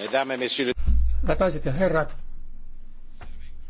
Hyvät naiset